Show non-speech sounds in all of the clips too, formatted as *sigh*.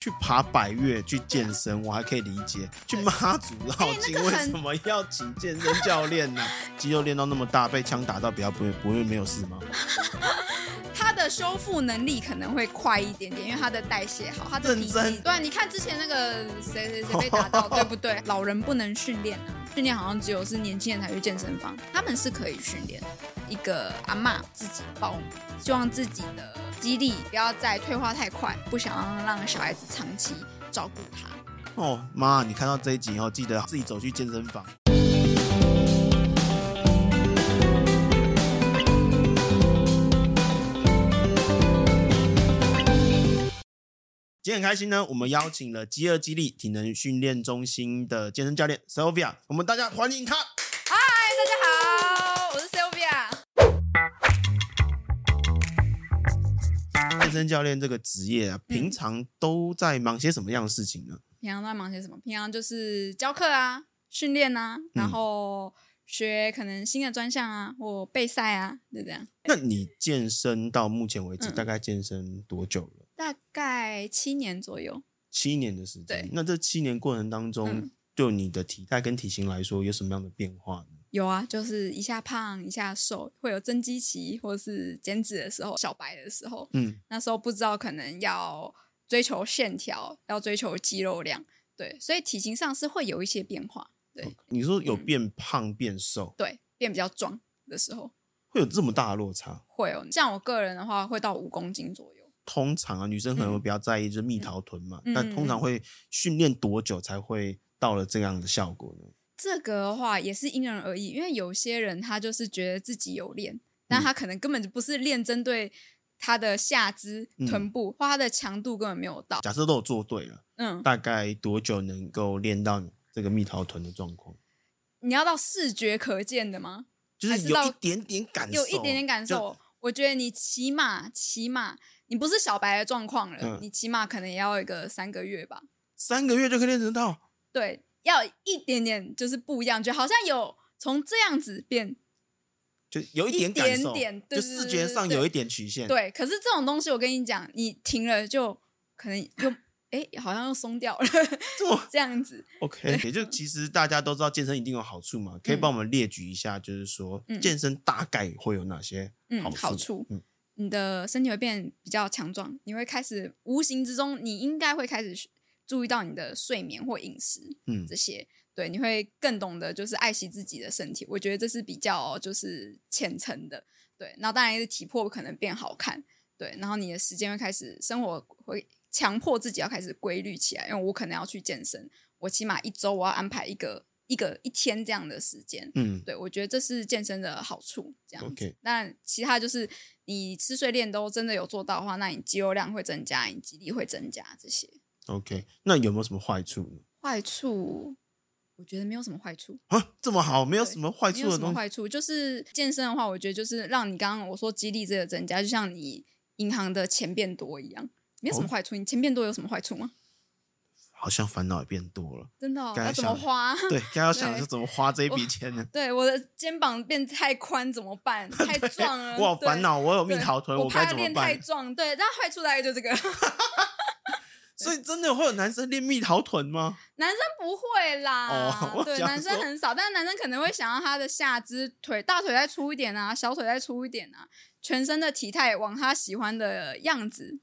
去爬百岳，去健身，我還可以理解；對去媽祖繞境，為什麼要請健身教練呢、啊？肌肉練到那麼大，被槍打到比較不會不會沒有事嗎？他的修復能力可能會快一點點，因為他的代謝好，他的比真對，你看之前那個誰誰誰被打到， *laughs* 對不對？老人不能訓練啊，訓練好像只有是年輕人才去健身房，他們是可以訓練。一個阿嬤自己報名，希望自己的肌力不要再退化太快，不想要讓小孩子長期照顧他。哦，媽，你看到這一集以、哦、後，記得自己走去健身房。今天很開心呢，我們邀請了飢餓肌力體能訓練中心的健身教練 Sylvia，我們大家歡迎她。嗨，大家好，我是 Sylvia。健身教練這個職業啊，平常都在忙些什麼樣的事情呢？平常都在忙些什麼？平常就是教課啊，訓練啊，然後學可能新的專項啊，或備賽啊，就這樣。那你健身到目前為止，嗯、大概健身多久了？大概七年左右，七年的時間。對，那這七年過程當中，對、嗯、你的體態跟體型來說，有什麼樣的變化呢？有啊，就是一下胖一下瘦，會有增肌期或者是減脂的時候，小白的時候，嗯，那時候不知道可能要追求線條，要追求肌肉量，對，所以體型上是會有一些變化。對，Okay. 你說有變胖變瘦，嗯、對，變比較壯的時候，會有這麼大的落差？會有、哦，像我個人的話，會到五公斤左右。通常啊，女生可能會比較在意這蜜桃臀嘛。嗯、但通常會訓練多久才會到了這樣的效果呢？這個的話也是因人而異，因為有些人他就是覺得自己有練，嗯、但他可能根本不是練針對他的下肢臀部，嗯、或他的強度根本沒有到。假設都有做對了，嗯，大概多久能夠練到你這個蜜桃臀的狀況？你要到視覺可見的嗎？就是有一點點感受，有一點點感受。我覺得你起碼起碼你不是小白的狀況了。嗯，你起碼可能也要一個三個月吧。三個月就可以練成套？對，要一點點就是不一樣，就好像有從這樣子變點點，就有一點點，就視覺上有一點曲線。對，可是這種東西，我跟你講，你停了就可能就。 *coughs* 哎、欸，好像又鬆掉了，這做這樣子，OK，也對就其實大家都知道健身一定有好處嘛，嗯、可以幫我們列舉一下，就是說、嗯、健身大概會有哪些好處好處，你的身體會變比較強壯，你會開始無形之中，你應該會開始注意到你的睡眠或飲食，嗯，這些對，你會更懂得就是愛惜自己的身體，我覺得這是比較、喔、就是虔誠的，對，那當然是體魄可能變好看，對，然後你的時間會開始生活會。強迫自己要開始規律起來，因為我可能要去健身，我起碼一周我要安排一個一個一天這樣的時間。嗯，對，我覺得這是健身的好處。這樣，OK，那其他就是你吃睡練都真的有做到的話，那你肌肉量會增加，你肌力會增加這些。OK，那有沒有什麼壞處呢？壞處，我覺得沒有什麼壞處啊，這麼好，沒有什麼壞處的東西？壞處就是健身的話，我覺得就是讓你剛剛我說肌力這個增加，就像你銀行的錢變多一樣。沒什麼壞處，你錢變多有什麼壞處嗎？好像煩惱也變多了，真的要怎麼花？對，該要想着怎麼花這一筆錢呢？對，我的肩膀變太寬怎麼辦？太壯了，我好煩惱，我有蜜桃臀，我怕練太壯，對，但壞處大概就這個。所以真的會有男生練蜜桃臀嗎？男生不會啦，對，男生很少，但是男生可能會想要他的下肢腿大腿再粗一點啊，小腿再粗一點啊，全身的體態往他喜歡的樣子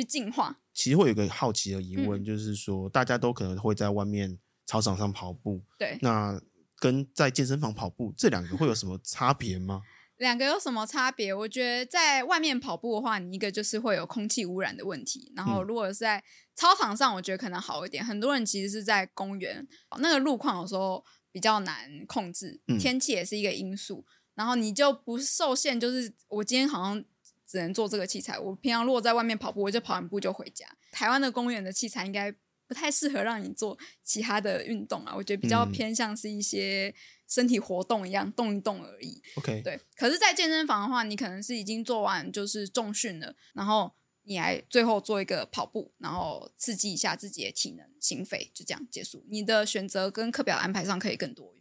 去進化，其實會有個好奇的疑問，嗯、就是說，大家都可能會在外面操場上跑步，對，那跟在健身房跑步這兩個會有什麼差別嗎？兩個有什麼差別？我覺得在外面跑步的話，你一個就是會有空氣污染的問題，然後如果是在操場上，我覺得可能好一點。嗯、很多人其實是在公園，那個路況有時候比較難控制，嗯、天氣也是一個因素，然後你就不受限。就是我今天好像。只能做這個器材。我平常如果在外面跑步，我就跑完步就回家。台灣的公園的器材應該不太適合讓你做其他的運動啊，我覺得比較偏向是一些身體活動一樣，嗯、動一動而已。OK，對。可是，在健身房的話，你可能是已經做完就是重訓了，然後你還最後做一個跑步，然後刺激一下自己的體能心肺，就這樣結束。你的選擇跟課表的安排上可以更多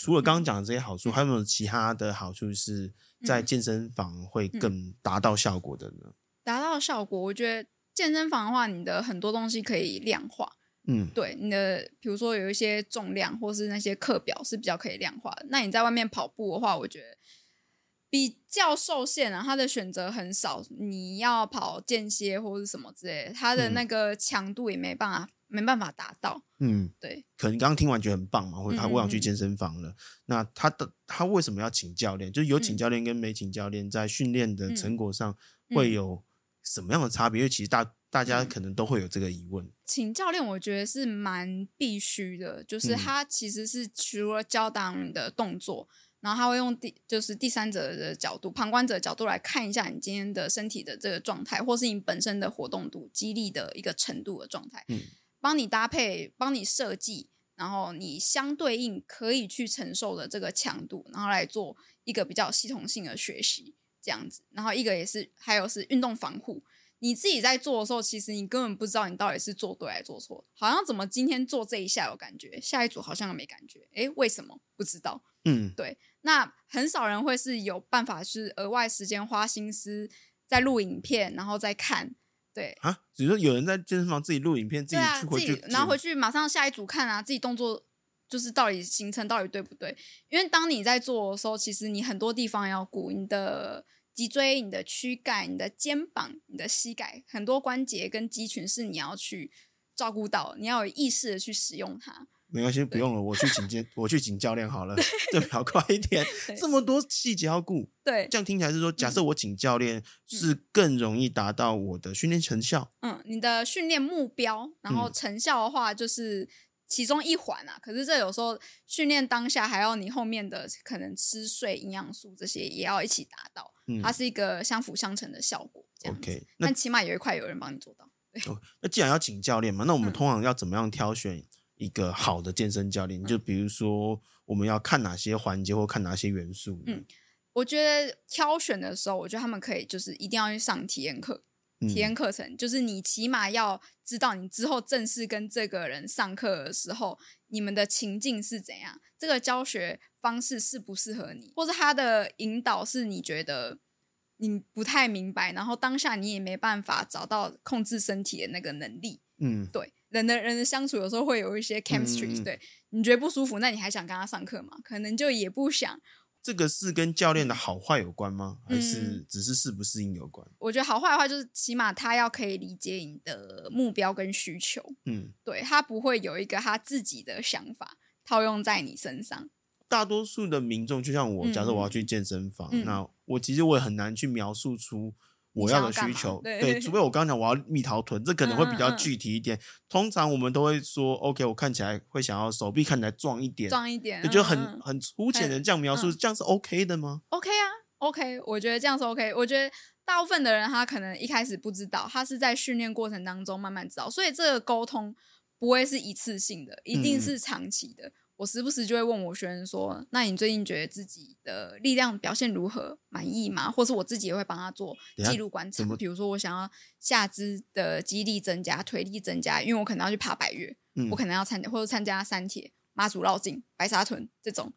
除了剛剛講的這些好處，還有沒有其他的好處是在健身房會更達到效果的呢？嗯嗯嗯、達到效果，我覺得健身房的話，你的很多東西可以量化。嗯，對，你的比如說有一些重量，或是那些課表是比較可以量化。那你在外面跑步的話，我覺得比較受限啊，他的選擇很少，你要跑間歇或是什麼之類的，他的那個強度也沒辦法。沒辦法達到，嗯，對，可能剛剛聽完覺得很棒嘛，或者他我想去健身房了。嗯、那他的他為什麼要請教練？就是有請教練跟沒請教練，在訓練的成果上會有什麼樣的差別？嗯、因為其實大大家可能都會有這個疑問。請教練，我覺得是蠻必須的，就是他其實是除了教導的動作，嗯、然後他會用第就是第三者的角度，旁觀者的角度來看一下你今天的身體的這個狀態，或是你本身的活動度、肌力的一個程度的狀態。嗯幫你搭配，幫你設計，然後你相對應可以去承受的這個強度，然後來做一個比較系統性的學習，這樣子。然後一個也是，還有是運動防護。你自己在做的時候，其實你根本不知道你到底是做對還是做錯。好像怎麼今天做這一下有感覺，下一組好像沒感覺。誒，為什麼？不知道。嗯，對。那很少人會是有辦法，是額外時間花心思在錄影片，然後再看。對啊，比如說有人在健身房自己錄影片，自己去拿，啊、回去，回去馬上下一組看啊，自己動作就是到底形成到底對不對？因為當你在做的時候，其實你很多地方要顧，你的脊椎、你的軀幹、你的肩膀你的，你的膝蓋，很多關節跟肌群是你要去照顧到，你要有意識的去使用它。沒關係，不用了，我去請教我去請教練好了，這對比較快一點。對這麼多細節要顧，對，這樣聽起來是說，假設我請教練是更容易達到我的訓練成效。嗯，你的訓練目標，然後成效的話，就是其中一環啊。嗯、可是這有時候訓練當下，還有你後面的可能吃睡營養素這些也要一起達到，嗯、它是一個相輔相成的效果這樣子。OK，那但起碼有一塊有人幫你做到對、哦。那既然要請教練嘛，那我們通常要怎麼樣挑選？嗯一個好的健身教練，就比如說我們要看哪些環節或看哪些元素。嗯，我覺得挑選的時候，我覺得他們可以就是一定要去上體驗課，嗯，體驗課程就是你起碼要知道你之後正式跟這個人上課的時候，你們的情境是怎樣，這個教學方式適不適合你，或者他的引導是你覺得你不太明白，然後當下你也沒辦法找到控制身體的那個能力。嗯，對。人的人的相處有時候會有一些 chemistry，嗯、對你覺得不舒服，那你還想跟他上課嗎？可能就也不想。這個是跟教練的好壞有關嗎？嗯、還是只是適不適應有關？我覺得好壞的話，就是起碼他要可以理解你的目標跟需求。嗯，對，他不會有一個他自己的想法套用在你身上。大多數的民眾，就像我，假設我要去健身房，嗯、那我其實我也很難去描述出。我要的需求，對，對，對，對，對，除非我剛講我要蜜桃臀，這可能會比較具體一點。嗯嗯嗯，通常我們都會說，OK，我看起來會想要手臂看起來壯一點，壯一點，你覺得很很粗淺的這樣描述，嗯、這樣是 OK 的嗎？OK 啊，OK，我覺得這樣是 OK。我覺得大部分的人他可能一開始不知道，他是在訓練過程當中慢慢知道，所以這個溝通不會是一次性的，一定是長期的。嗯我時不時就會問我學員說：“那你最近覺得自己的力量表現如何，滿意嗎？”或是我自己也會幫他做記錄觀察。比如說，我想要下肢的肌力增加、腿力增加，因為我可能要去爬百岳，嗯、我可能要參或者參加三鐵、媽祖繞境、白沙屯這種。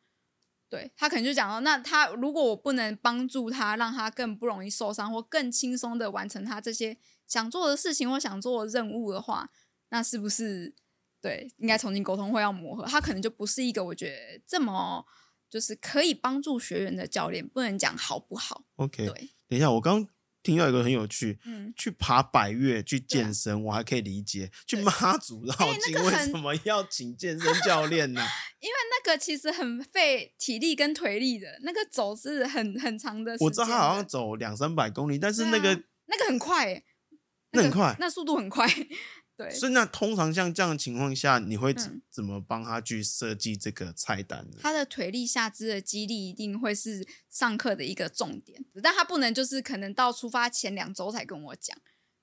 對，他可能就講說：“那他如果我不能幫助他，讓他更不容易受傷，或更輕鬆的完成他這些想做的事情或想做的任務的話，那是不是？”對，應該重新溝通會要磨合，他可能就不是一個我覺得這麼就是可以幫助學員的教練，不能講好不好？OK，對。等一下，我剛聽到一個很有趣，嗯，去爬百岳去健身，啊、我還可以理解，去媽祖繞境為什麼要請健身教練呢、啊？ *laughs* 因為那個其實很費體力跟腿力的，那個走是很很長的，的，我知道他好像走兩三百公里，但是那個、啊、那個很快、欸，那個、那很快，那速度很快。對所以，那通常像這樣的情況下，你會、嗯、怎麼幫他去設計這個菜單呢？他的腿力、下肢的肌力一定會是上課的一個重點，但他不能就是可能到出發前兩周才跟我講。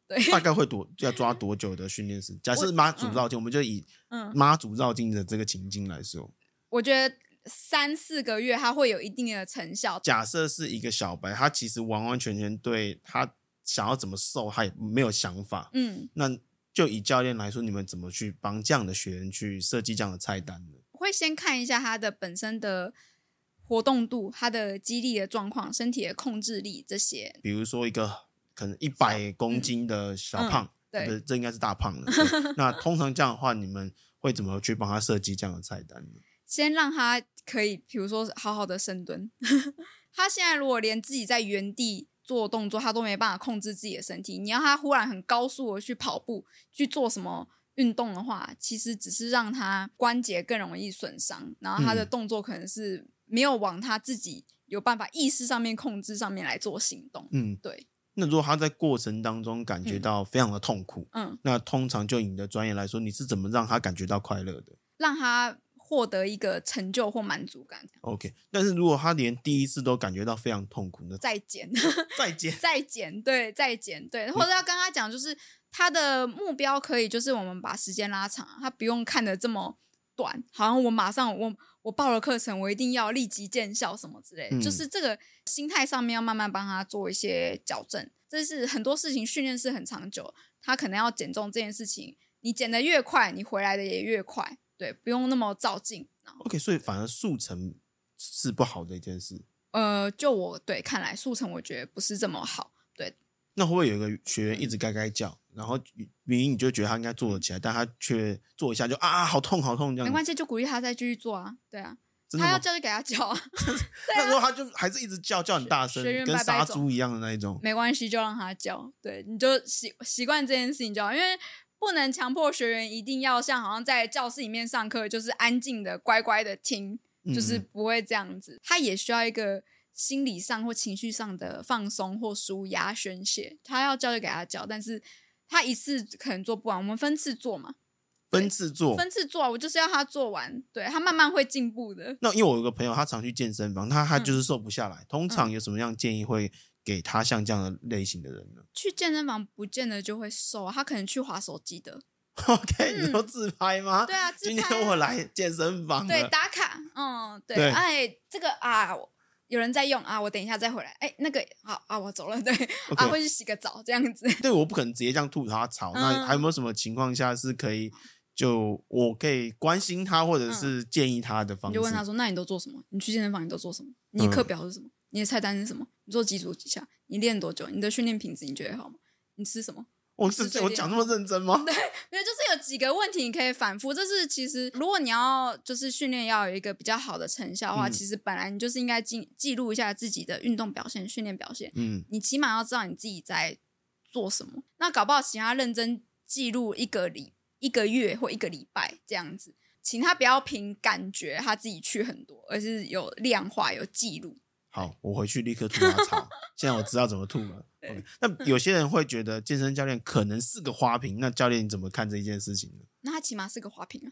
對，大概會多要抓多久的訓練時？假設是媽祖繞境，我,嗯、我們就以嗯媽祖繞境的這個情境來說、嗯，我覺得三四個月他會有一定的成效。假設是一個小白，他其實完完全全對他想要怎麼瘦他也沒有想法，嗯，那。就以教練來說，你們怎麼去幫這樣的學員去設計這樣的菜單呢？我會先看一下他的本身的活動度、他的肌力的狀況、身體的控制力這些。比如說一個可能一百公斤的小胖，嗯嗯、對，這應該是大胖了。那通常這樣的話，你們會怎麼去幫他設計這樣的菜單呢？ *laughs* 先讓他可以，比如說好好的深蹲。 *laughs* 他現在如果連自己在原地。做動作，他都沒辦法控制自己的身體。你要他忽然很高速的去跑步去做什麼運動的話，其實只是讓他關節更容易損傷，然後他的動作可能是沒有往他自己有辦法意識上面控制上面來做行動。嗯，對。那如果他在過程當中感覺到非常的痛苦，嗯，嗯，那通常就以你的專業來說，你是怎麼讓他感覺到快樂的？讓他。獲得一個成就或滿足感。Okay，但是如果他連第一次都感覺到非常痛苦，那再減剪，再減剪， *laughs* 再減，對，再減，對，或者要跟他講，就是、嗯、他的目標可以，就是我們把時間拉長，他不用看得這麼短。好像我馬上我，我我報了課程，我一定要立即見效，什麼之類的，嗯、就是這個心態上面要慢慢幫他做一些矯正。這是很多事情訓練是很長久，他可能要減重這件事情，你減得越快，你回來的也越快。對，不用那麼照鏡。OK，所以反而速成是不好的一件事。呃，就我對看來速成，我覺得不是這麼好。對，那會不會有一個學員一直嘎嘎叫，然後原因你就覺得他應該做得起來，但他卻做一下就啊好痛，好痛這樣。沒關係，就鼓勵他再繼續做啊。對啊，他要叫就給他叫啊。 *laughs* 那時候他就還是一直叫學叫很大聲，學院 跟殺豬一樣的那一種。沒關係，就讓他叫，對，你就習習慣這件事情就好，因為。不能強迫學員一定要像好像在教室裡面上課，就是安靜的、乖乖的聽，嗯、就是不會這樣子。他也需要一個心理上或情緒上的放鬆或舒壓宣洩。他要教就給他教，但是他一次可能做不完，我們分次做嘛。分次做，分次做，我就是要他做完，對，他慢慢會進步的。那因為我有一個朋友，他常去健身房，他他就是瘦不下來。嗯、通常有什麼樣的建議會？給他像這樣的類型的人呢？去健身房不見得就會瘦，他可能去滑手機的。OK，、嗯、你都自拍嗎？對啊，今天我來健身房，對打卡，嗯，對，對，哎，這個啊，有人在用啊，我等一下再回來。哎，那個好啊，我走了。對 Okay. 啊，k 去洗個澡這樣子。對，我不可能直接這樣吐他吵。嗯、那還有沒有什麼情況下是可以就我可以關心他或者是建議他的方式？嗯、你就問他說：“那你都做什麼？你去健身房你都做什麼？你課表是什麼？”嗯你的菜單是什麼？你做幾組幾下？你練多久？你的訓練品質你覺得好嗎？你吃什麼？我是，我講那麼認真嗎？對，沒有，就是有幾個問題你可以反覆。就是其實如果你要就是訓練要有一個比較好的成效的話，嗯、其實本來你就是應該記記錄一下自己的運動表現、訓練表現。嗯，你起碼要知道你自己在做什麼。那搞不好請他認真記錄一個禮一個月或一個禮拜這樣子，請他不要憑感覺他自己去很多，而是有量化有記錄。好，我回去立刻吐他槽。 *laughs* 現在我知道怎麼吐了對、OK。那有些人會覺得健身教練可能是個花瓶，那教練你怎麼看這一件事情呢？那他起碼是個花瓶啊，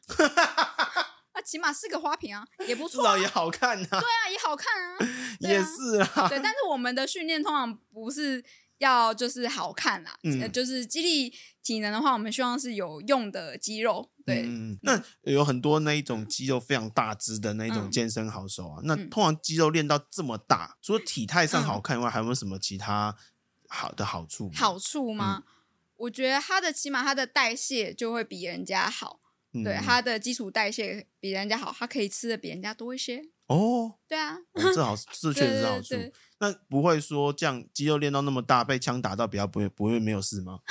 那 *laughs* 起碼是個花瓶啊，也不錯、啊，至少也好看、啊。對啊，也好看啊，啊也是啊。對，但是我們的訓練通常不是。要就是好看啦，嗯、就是肌力體能的話，我們希望是有用的肌肉。對，嗯、那有很多那一種肌肉非常大只的那一種健身好手啊。嗯、那通常肌肉練到這麼大，除了體態上好看以外，嗯、還有沒有什麼其他好的好處？好處嗎？處嗎嗯、我覺得它的起碼它的代謝就會比人家好，嗯、對，它的基礎代謝比人家好，它可以吃的比人家多一些。哦，對啊、哦，這好，這確實是好處。對對對對那不會說這樣肌肉練到那麼大，被槍打到比較不會不會沒有事嗎？ *laughs*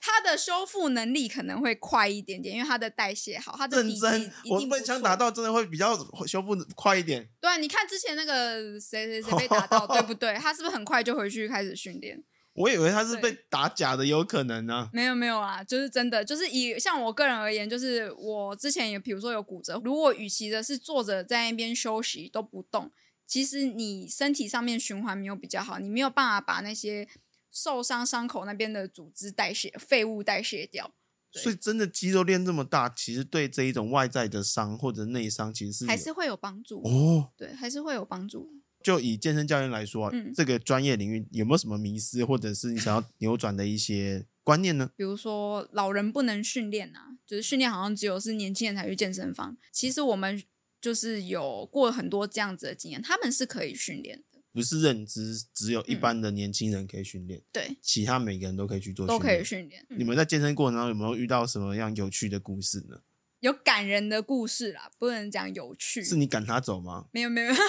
他的修復能力可能會快一點點，因為他的代謝好，他的認真。一定一定我被槍打到真的會比較修復快一點。對，你看之前那個誰誰誰被打到， *laughs* 對不對？他是不是很快就回去開始訓練？ *laughs* 我以為他是被打假的，對有可能呢、啊。沒有沒有啊，就是真的，就是以像我個人而言，就是我之前也比如說有骨折，如果與其的是坐着在那邊休息都不動。其實你身體上面循環沒有比較好，你沒有辦法把那些受傷傷口那邊的組織代謝、廢物代謝掉。所以真的肌肉練這麼大，其實對這一種外在的傷或者內傷，其實是還是會有幫助哦。對，還是會有幫助。就以健身教練來說，嗯、這個專業領域有沒有什麼迷思，或者是你想要扭轉的一些觀念呢？ *laughs* 比如說老人不能訓練啊，就是訓練好像只有是年輕人才去健身房。其實我們。就是有過很多這樣子的經驗，他們是可以訓練的，不是認知，只有一般的年輕人可以訓練、嗯。對，其他每個人都可以去做，都可以訓練。你們在健身過程中有沒有遇到什麼樣有趣的故事呢？嗯、有感人的故事啦，不能講有趣。是你趕他走嗎？沒有沒有，沒有 *laughs*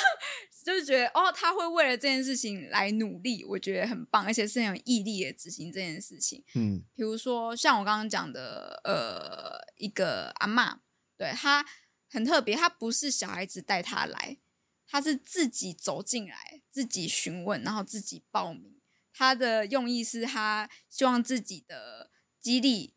就是覺得哦，他會為了這件事情來努力，我覺得很棒，而且是很有毅力的執行這件事情。嗯，比如說像我剛剛講的，呃，一個阿嬤，對他。很特別，他不是小孩子帶他來，他是自己走進來，自己詢問，然後自己報名。他的用意是，他希望自己的肌力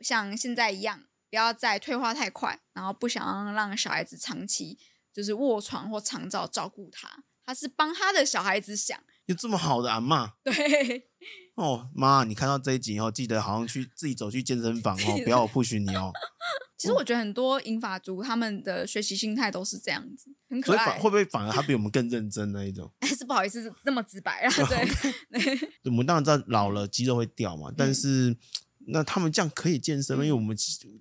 像現在一樣，不要再退化太快，然後不想讓小孩子長期就是臥床或長照照顧他。他是幫他的小孩子想，有這麼好的阿嬤？對哦，媽，你看到這一集以後，記得好像去自己走去健身房哦，不要我 push 你哦。其實我覺得很多銀髮族他們的學習心態都是這樣子，很可愛。會不會反而他比我們更認真那一種？哎，是不好意思，那麼直白啊。對，我們當然知道老了肌肉會掉嘛，但是那他們這樣可以健身，因為我們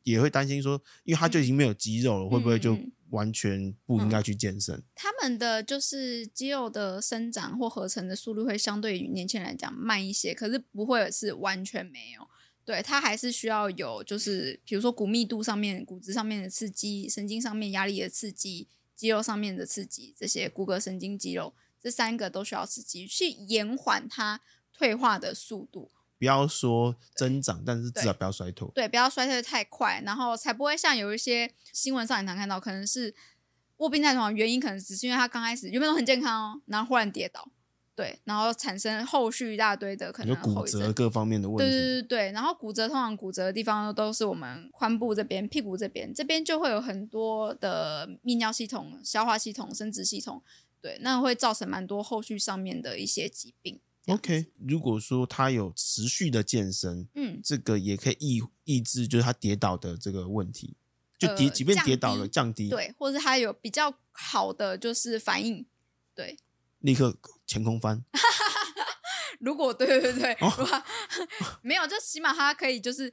也會擔心說，因為他就已經沒有肌肉了，會不會就？完全不應該去健身，嗯。他們的就是肌肉的生長或合成的速度會相對於年輕人來講慢一些，可是不會是完全沒有。對，它還是需要有，就是比如說骨密度上面，骨質上面的刺激、神經上面壓力的刺激、肌肉上面的刺激，這些骨骼、神經、肌肉這三個都需要刺激去延緩它退化的速度。不要說增長，對但是至少不要衰退。對，不要衰退太快，然後才不會像有一些新聞上你常看到，可能是臥病在床，原因，可能只是因為他剛開始原本都很健康哦、喔，然後忽然跌倒，對，然後產生後續一大堆的可能的骨折各方面的問題。對，對對對，然後骨折通常骨折的地方都是我們髖部這邊、屁股這邊，這邊就會有很多的泌尿系統、消化系統、生殖系統，對，那會造成蠻多後續上面的一些疾病。OK，如果說他有持續的健身，嗯，這個也可以抑抑制，就是他跌倒的這個問題，就跌即便跌倒了、呃、降低，降低，對，或是他有比較好的就是反應，對，立刻前空翻， *laughs* 如果對對對、哦、果 *laughs* 沒有，就起碼他可以就是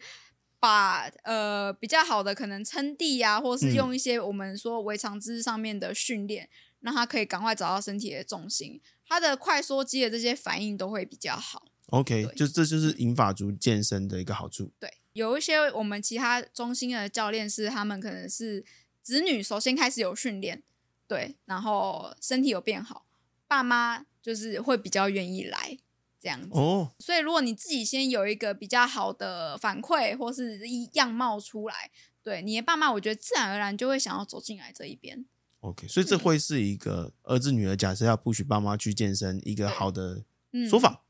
把呃比較好的可能撐地呀，或是用一些我們說維持姿勢上面的訓練，嗯、讓他可以趕快找到身體的重心。他的快縮肌的這些反應都會比較好。OK，對就這就是銀髮族健身的一個好處。對，有一些我們其他中心的教練是他們可能是子女首先開始有訓練，對，然後身體有變好，爸媽就是會比較願意來這樣子。哦，oh. 所以如果你自己先有一個比較好的反饋或是樣貌出來，對你的爸媽，我覺得自然而然就會想要走進來這一邊。OK，所以這會是一個兒子女兒假設要 push 爸媽去健身，一個好的說法，嗯、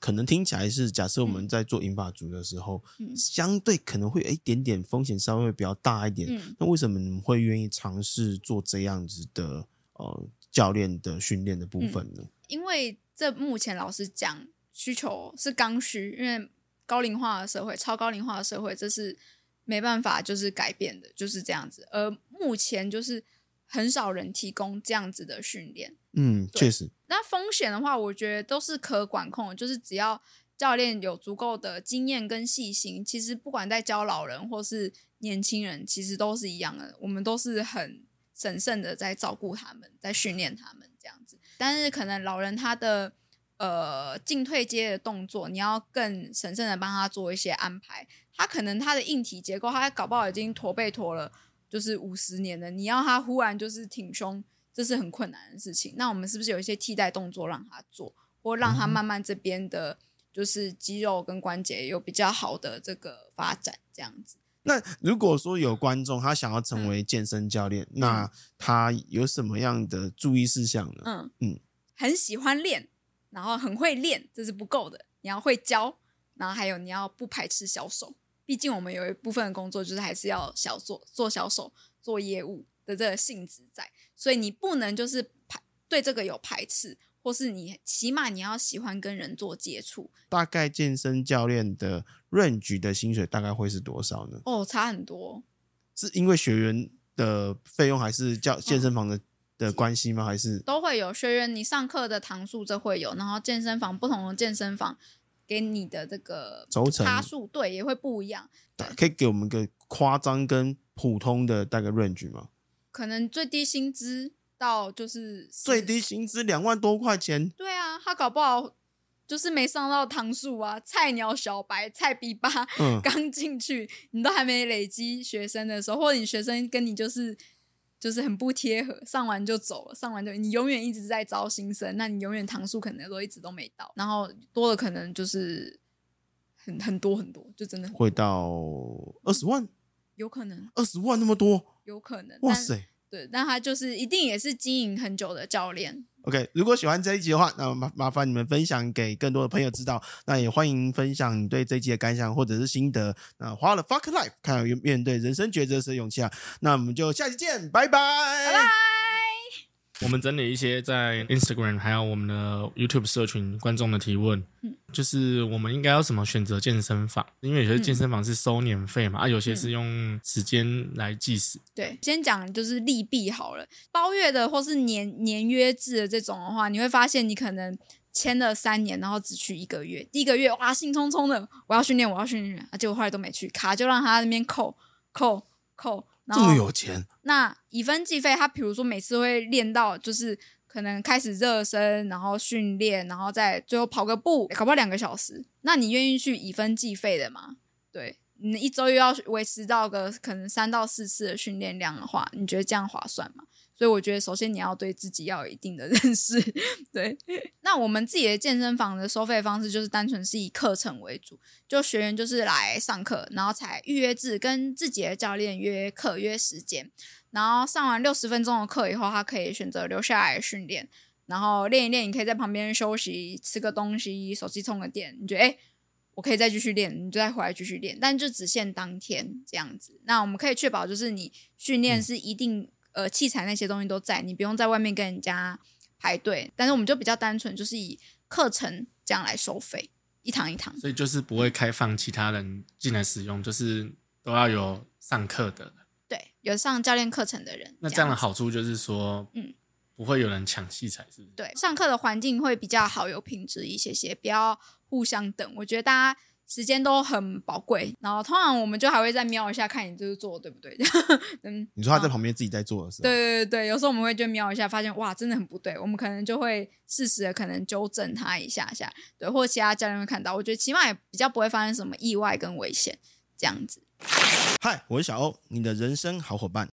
可能聽起來是假設我們在做銀髮族的時候，嗯、相對可能會有一點點風險，稍微會比較大一點。嗯、那為什麼你們會願意嘗試做這樣子的、呃、教練的訓練的部分呢、嗯？因為這目前老實講需求是剛需，因為高齡化的社會、超高齡化的社會，這是沒辦法就是改變的，就是這樣子。而目前就是。很少人提供這樣子的訓練，嗯，確對實。那風險的話，我覺得都是可管控的，就是只要教練有足夠的經驗跟細心，其實不管在教老人或是年輕人，其實都是一樣的。我們都是很神聖的在照顧他們，在訓練他們這樣子。但是可能老人他的呃進退階的動作，你要更神聖的幫他做一些安排。他可能他的硬體結構，他搞不好已經駝背駝了。就是五十年的，你要他忽然就是挺胸，這是很困難的事情。那我們是不是有一些替代動作讓他做，或讓他慢慢這邊的，嗯、就是肌肉跟關節有比較好的這個發展，這樣子。那如果說有觀眾他想要成為健身教練，嗯、那他有什麼樣的注意事項呢？嗯嗯，嗯很喜歡練，然後很會練，這是不夠的。你要會教，然後還有你要不排斥銷售。畢竟我們有一部分的工作就是還是要小做做銷售、做業務的這個性質在，所以你不能就是排對這個有排斥，或是你起碼你要喜歡跟人做接觸。大概健身教練的潤 a 的薪水大概會是多少呢？哦，差很多，是因為學員的費用還是叫健身房的、哦、的關係嗎？還是都會有學員你上課的堂數這會有，然後健身房不同的健身房。給你的這個差數，抽成對，也會不一樣。可以給我們個誇張跟普通的大概 range 嗎？可能最低薪資到就是 4, 最低薪資兩萬多塊錢。對啊，他搞不好就是沒上到堂數啊，菜鳥小白，菜逼八，嗯，剛進去你都還沒累積學生的時候，或者你學生跟你就是。就是很不貼合，上完就走了，上完就你永遠一直在招新生，那你永遠堂數可能都一直都沒到，然後多了可能就是很很多很多，就真的會到二十萬。嗯，有可能二十萬那麼多？有可能，哇塞，但對，那他就是一定也是經營很久的教練。OK，如果喜歡這一集的話，那麻麻煩你們分享給更多的朋友知道。那也歡迎分享你對這一集的感想或者是心得。那花了 Fuck Life，看有面對人生抉擇時的勇氣啊。那我們就下期見，拜拜。Bye bye! 我們整理一些在 Instagram，還有我們的 YouTube 社群觀眾的提問，嗯、就是我們應該要怎麼選擇健身房？因為有些健身房是收年費嘛，嗯、啊，有些是用時間來計時。嗯。對，先講就是利弊好了。包月的或是年年約制的這種的話，你會發現你可能簽了三年，然後只去一個月，第一個月哇興沖沖的，我要訓練，我要訓練，訓練啊，結果後來都沒去，卡就讓他在那邊扣扣扣。這麼有錢？那以分計費，他比如說每次會練到就是可能開始熱身，然後訓練，然後再最後跑個步，跑不了兩個小時。那你願意去以分計費的嗎？對，你一周又要維持到個可能三到四次的訓練量的話，你覺得這樣划算嗎？所以我覺得，首先你要對自己要有一定的認識。對，那我們自己的健身房的收費方式就是單純是以課程為主，就學員就是來上課，然後才預約制，跟自己的教練約課、約課、約時間。然後上完六十分鐘的課以後，他可以選擇留下來訓練，然後練一練。你可以在旁邊休息、吃個東西、手機充個電。你覺得哎、欸，我可以再繼續練，你就再回來繼續練，但就只限當天這樣子。那我們可以確保，就是你訓練是一定、嗯。呃，器材那些東西都在，你不用在外面跟人家排隊。但是我們就比較單純，就是以課程這樣來收費，一堂一堂。所以就是不會開放其他人進來使用，就是都要有上課的人。對，有上教練課程的人。那這樣的好處就是說，嗯，不會有人搶器材，是不是？對，上課的環境會比較好，有品質一些些，不要互相等。我覺得大家。時間都很寶貴，然後通常，我們就還會再瞄一下，看你就是做對不對？ *laughs* 嗯，你說他在旁邊自己在做是？對對對對，有時候我們會就瞄一下，發現哇，真的很不對，我們可能就會適時的可能糾正他一下下，對，或者其他家人會看到，我覺得起碼也比較不會發生什麼意外跟危險，這樣子。嗨，我是小歐，你的人生好夥伴。